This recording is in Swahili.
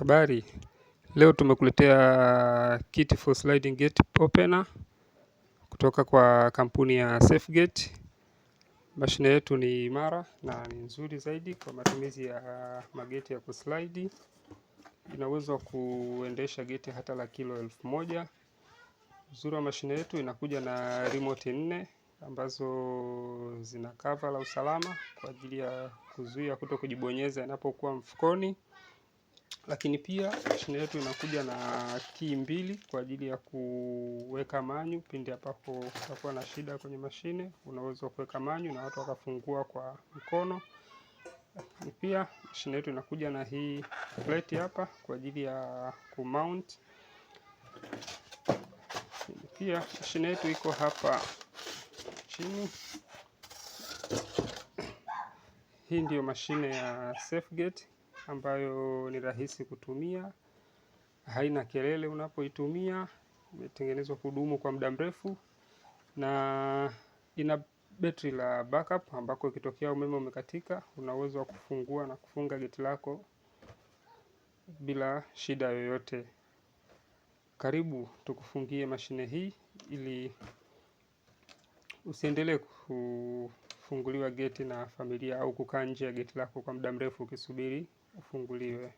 Habari, leo tumekuletea kit for sliding gate opener kutoka kwa kampuni ya Safegate. Mashine yetu ni imara na ni nzuri zaidi kwa matumizi ya mageti ya kuslidi. Ina uwezo wa kuendesha geti hata la kilo elfu moja. Uzuri wa mashine yetu inakuja na remote nne ambazo zina kava la usalama kwa ajili ya kuzuia kuto kujibonyeza inapokuwa mfukoni. Lakini pia mashine yetu inakuja na kii mbili kwa ajili ya kuweka manyu. Pindi ambapo kutakuwa na shida kwenye mashine, unaweza kuweka manyu na watu wakafungua kwa mkono. Lakini pia mashine yetu inakuja na hii plate hapa kwa ajili ya kumount. Pia mashine yetu iko hapa chini. Hii ndiyo mashine ya Safegate ambayo ni rahisi kutumia, haina kelele unapoitumia, imetengenezwa kudumu kwa muda mrefu na ina betri la backup ambako ikitokea umeme umekatika, una uwezo wa kufungua na kufunga geti lako bila shida yoyote. Karibu tukufungie mashine hii ili usiendelee ku kufunguliwa geti na familia au kukaa nje ya geti lako kwa muda mrefu ukisubiri ufunguliwe.